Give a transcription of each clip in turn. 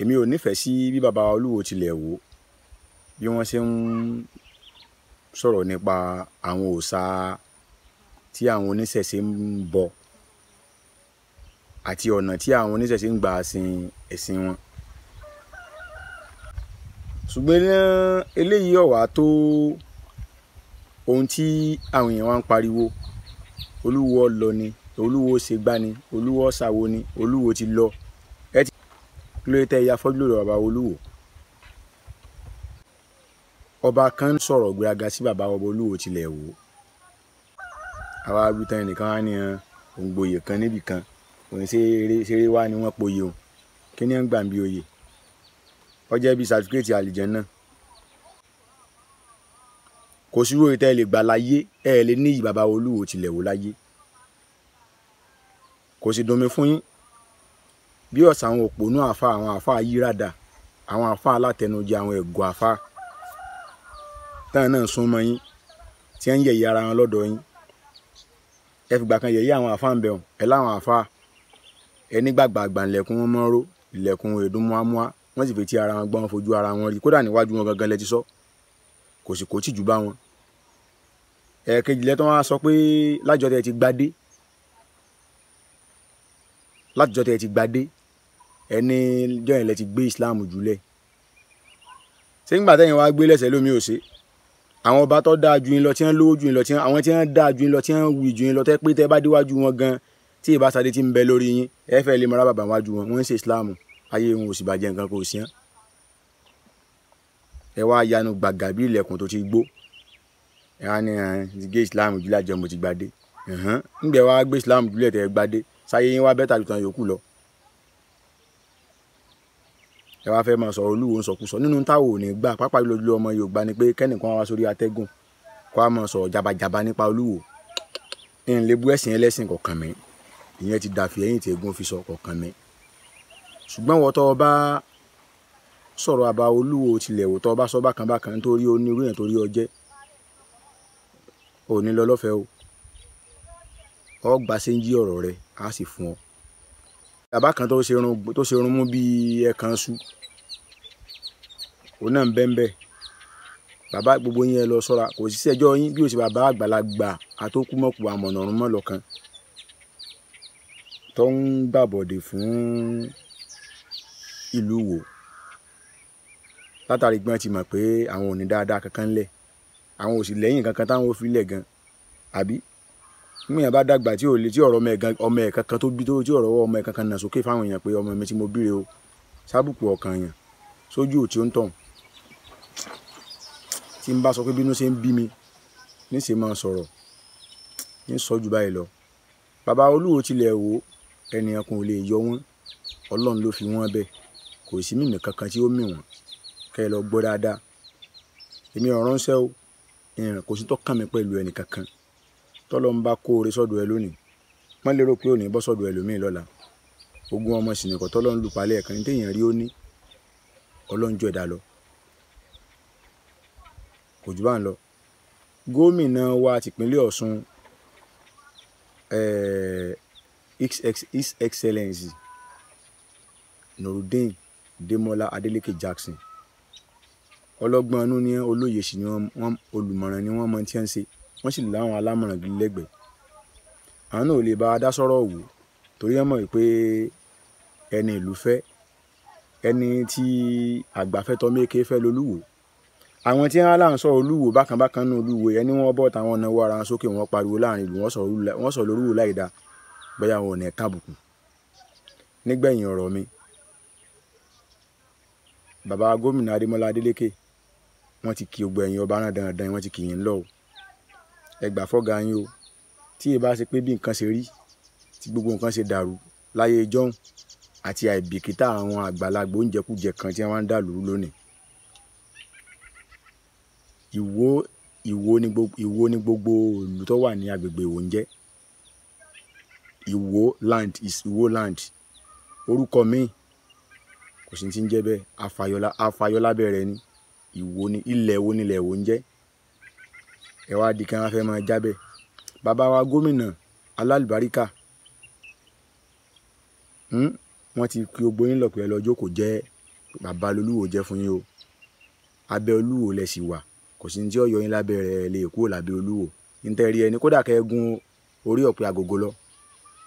èmi ò nífẹ̀ẹ́ sí bí baba olúwo tilẹ̀ wò bí wọ́n ṣe ń sọ̀rọ̀ nípa àwọn òòṣà tí àwọn oníṣẹ̀ṣe ń bọ àti ọ̀nà tí àwọn oníṣẹ̀ṣe ń gbà sin ẹ̀sìn wọn ṣùgbọ́n eléyìí ọ̀wà tó ohun tí àwọn èèyàn wa ń pariwo olúwo lọ ni olúwo ṣe gbá ni olúwo ṣàwo ni olúwo ti lọ kí ló yẹ tẹ́ ya fọ́jú lórí bàbá olúwo ọba kan sọ̀rọ̀ gbéraga sí bàbá ọba olúwo tilẹ̀ wò àwa wítan ẹnìkan wá ní òǹgboyè kan níbì kan òun ṣeré wá ni wọ́n poyè o kí ni ẹ̀ ń gbà ń bí oyè ọjọ́ bíi sàtúkẹ́tì àlìjẹ náà kò sí ròyìn tẹ́ ẹ lè gbà láyé ẹ lè níyì bàbá olúwo tilẹ̀ wò láyé kò sì dùn mí fún yín bí ọ̀sà àwọn òpònú àfa àwọn àfa yírádà àwọn àfa alátẹnujẹ àwọn ẹ̀gọ́ àfa táwọn náà sún mọ́ yín tí wọ́n ń yẹ̀yẹ́ ara wọn lọ́dọ̀ yín ẹ fìgbà kan yẹ̀yẹ́ àwọn àfa ń bẹ̀ hàn ẹ láwọn àfa ẹ nígbàgbà àgbà ńlẹ̀kùn wọn mọ́ ró ìlẹ̀kùn èdùnmọ́àmọ́à wọ́n sì fi ti ara wọn gbọ́n fojú ara wọn rí kódà níwájú wọn gangan lẹ ti sọ kò sì kò tí jù bá wọn ẹ̀ẹ̀kejì lẹ́tọ́ wọn á sọ pé lájọ tẹ ti gbadé lájọ tẹ ti gbadé ẹni jọyìn lẹ ti gbé Islam jùlẹ̀ ṣé nígbà tẹ́yìn wá gbé lẹ́sẹ̀ lómi ò ṣe àwọn ọba tó dáa ju yín lọ tí wọ́n lówó ju yín lọ tí àwọn tí wọ́n dáa ju yín lọ tí wọ́n wì ju yín lọ tẹ́ pé tẹ́ bá déwájú wọn gan tí ìbá sadé ti ń bẹ lórí yín ẹ fẹ́ lè mọ́ra bàbá wájú wọn wọ́n ń ṣe Islam ayé wọn ò sì bàjẹ́ nǹkan kò sí hàn ẹ wá yanu gbàgà bí ilẹ̀kùn tó ti gbó ẹ wá ní gé Islam jùlẹ̀ àjẹmọ́ ti gbadé ǹgbẹ́ wá gbé Islam jùlẹ̀ tẹ́ gbadé sáyé yín wá bẹ́tà ju yòókù lọ ẹ wá fẹ́ máa sọ̀rọ̀ olúwo ń sọkúsọ nínú táwọn ò ní gbà pápá lójú ọmọ yorùbá ni pé kẹ́nìkan wá sórí atẹ́gùn kó a máa sọ̀rọ̀ jabajaba nípa olúwo ń lè bú ẹ̀sìn ẹlẹ́sìn kọ̀ọ̀kan mi ìyẹn ti dàfi ẹ̀yìn tí egun fi sọ kọ̀ọ̀kan mi ṣùgbọ́n wọ́n tọ́ ọ bá sọ̀rọ̀ àbá olúwo tilẹ̀ wò tọ́ ọ bá sọ bákan bákan nítorí onírú yẹn torí ọjẹ́ òní lọ lọ́fẹ̀ẹ́ o ọ gbà séńjì ọ̀rọ̀ rẹ á sì fún ọ bàbá kan tó ṣe irun tó ṣe irun mú bíi ẹ̀kan ṣu òun náà ń bẹ́ ń bẹ́ bàbá gbogbo yín ẹ lọ sọ́ra kò sí sẹ́jọ́ yín bí o ṣe bàbá àgbàlagbà àtòkùmọ̀kù àmọ̀nàrún mọ́ lọ́kàn tó ń gbàbọ̀dè fún ìlú wò látàrí gbọ́n ti mọ̀ pé àwọn ò ní dáadáa kankan lẹ̀ àwọn ò sì lẹ́yìn kankan táwọn ò fi lẹ̀ gan àbí míyàn bá dàgbà tí ò lè tí ọ̀rọ̀ ọmọ ẹ̀ kankan tó bí tó tí ọ̀rọ̀ ọmọ ẹ̀ kankan nà sókè fáwọn èèyàn pé ọmọ mi tí mo bíire o sábùkù ọ̀kan èèyàn sójú ò tí ó ń tàn tí n bá sọ pé bínú ṣe ń bí mi níṣẹ́ máa sọ̀rọ̀ ń sọ jù báyìí lọ bàbá olúwo tilẹ̀ wò ẹnìyàn kan ò lè yọ wọn ọlọ́run ló fi wọ́n bẹ́ẹ̀ kò sí mímì kankan tí ó mì wọ́n kẹ́ ẹ lọ gbọ́ dáadáa èmi ọ̀ránṣẹ́ o ìrìn kò sí tó kàn pẹ̀lú ẹnì kankan tọ́lọ́ ń bá kóore sọ́dọ̀ ẹ lónìí wọ́n lérò pé òní bọ́ sọ́dọ̀ ẹlòmíì lọ́la ogun ọmọ sìnìkọ́ tọ́lọ́ ń lu palẹ̀ ẹ̀kan ní téèyàn rí ó ní ọlọ́njọ́ ẹ̀dá lọ kò jù bá ń lọ gómìnà wa tìpínlẹ̀ Ọ̀ṣun eh, his excellency Nurudeen Demola Adeleke Jackson ọlọ́gbọ́n inú ni olóyè sí ni wọ́n olùmọ̀ràn ni wọ́n mọ tí wọ́n ń ṣe wọ́n sì láwọn alámọ̀ràn gidi lẹ́gbẹ̀ẹ́ àwọn náà ò lè bá a dá sọ́rọ̀ wò torí wọ́n mọ̀ pé ẹni ìlú fẹ́ ẹni tí àgbàfẹ́ tọ́ méke fẹ́ lolúwo àwọn tí wọn láǹsọ olúwo bákan bákan náà olúwo ẹni wọn bọ táwọn náwó ara wọn sókè wọn pariwo láàrin ìlú wọn sọ lórúwo láì dáa bóyá wọn ò ní ẹ̀ka àbùkù nígbẹ̀yìn ọ̀rọ̀ mi bàbá gómìnà adémọlá adélékè wọ́n ti kí gbogbo ẹ̀yin ọba náà dandan wọ́n ti kì yín lọ́wọ́ ẹ gbà fọ́gà yín o tí ì bá ṣe pé bí nǹkan ṣe rí tí gbogbo nǹkan ṣe dàrú láyé ìjọ́hun àti àìbìkítà àwọn àgbàlagbà oúnjẹkújẹ kan tí wọ́n ń dà lóru lónìí. Ìwó Ìwó ni gbogbo Ìwó ni gbogbo ìlú tó wà ní agbègbè Ìwó ń jẹ́ Ìwó land is Ìwó land orúkọ míì kò sí ti ń jẹ́ bẹ́ẹ̀ afayọlá afayọlá bẹ̀rẹ̀ ni Ìwó ni ilẹ̀ wo ni ilẹ̀ wo ń jẹ́ ẹ wá di kan fẹ́ máa jábẹ́ bàbá wa gómìnà alálùbáríkà hmm? wọ́n ti kí gbogbo yín lọ̀pẹ́ lọ́jọ́ kò jẹ́ bàbá lolúwo jẹ́ fún yín o abẹ́ olúwo lẹ̀ sì wà kò sí ní tí ọ̀yọ́ yín lábẹ́ rẹ̀ lè kúrò lábẹ́ olúwo nítorí ẹni kódà kẹ́ ẹ gun orí ọ̀pẹ àgògò lọ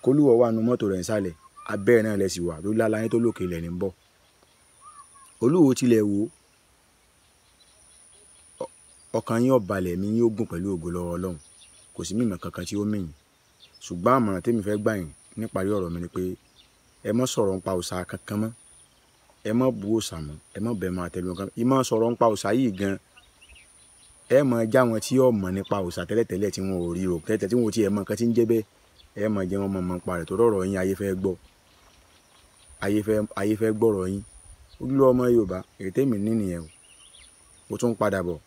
kólúwọ wà nu mọ́tò rẹ̀ nsàlẹ̀ abẹ́ náà lẹ̀ sì wà lórí lálá tó lòkè ilẹ̀ ní olúwo tilẹ̀ wò ó ọkàn yín ó balẹ̀ ẹ̀mí yín ó gùn pẹ̀lú ògo lọ́wọ́ ọlọ́run kò sí mímọ̀ kankan tí ó mìyìn ṣùgbọ́n àmọ̀ràn tèmi fẹ́ gbà yín níparí ọ̀rọ̀ mi ni pé ẹ mọ́ sọ̀rọ̀ pa òòṣà kankan mọ́ ẹ mọ́ bu òòṣà mọ́ ẹ mọ́ bẹ̀rẹ̀ máa tẹ̀lé nǹkan ẹ mọ́ sọ̀rọ̀ nípa òòṣà yìí gan ẹ mọ̀ já wọn tí ó mọ̀ nípa òòṣà tẹ́lẹ̀tẹ́lẹ̀ tí wọn ò rí o tẹ́lẹ̀tẹ́lẹ̀ tí wọn ò tiẹ̀ mọ̀ nǹkan tí ń jẹ́ bẹ́ẹ̀ ẹ mọ̀ pa rẹ̀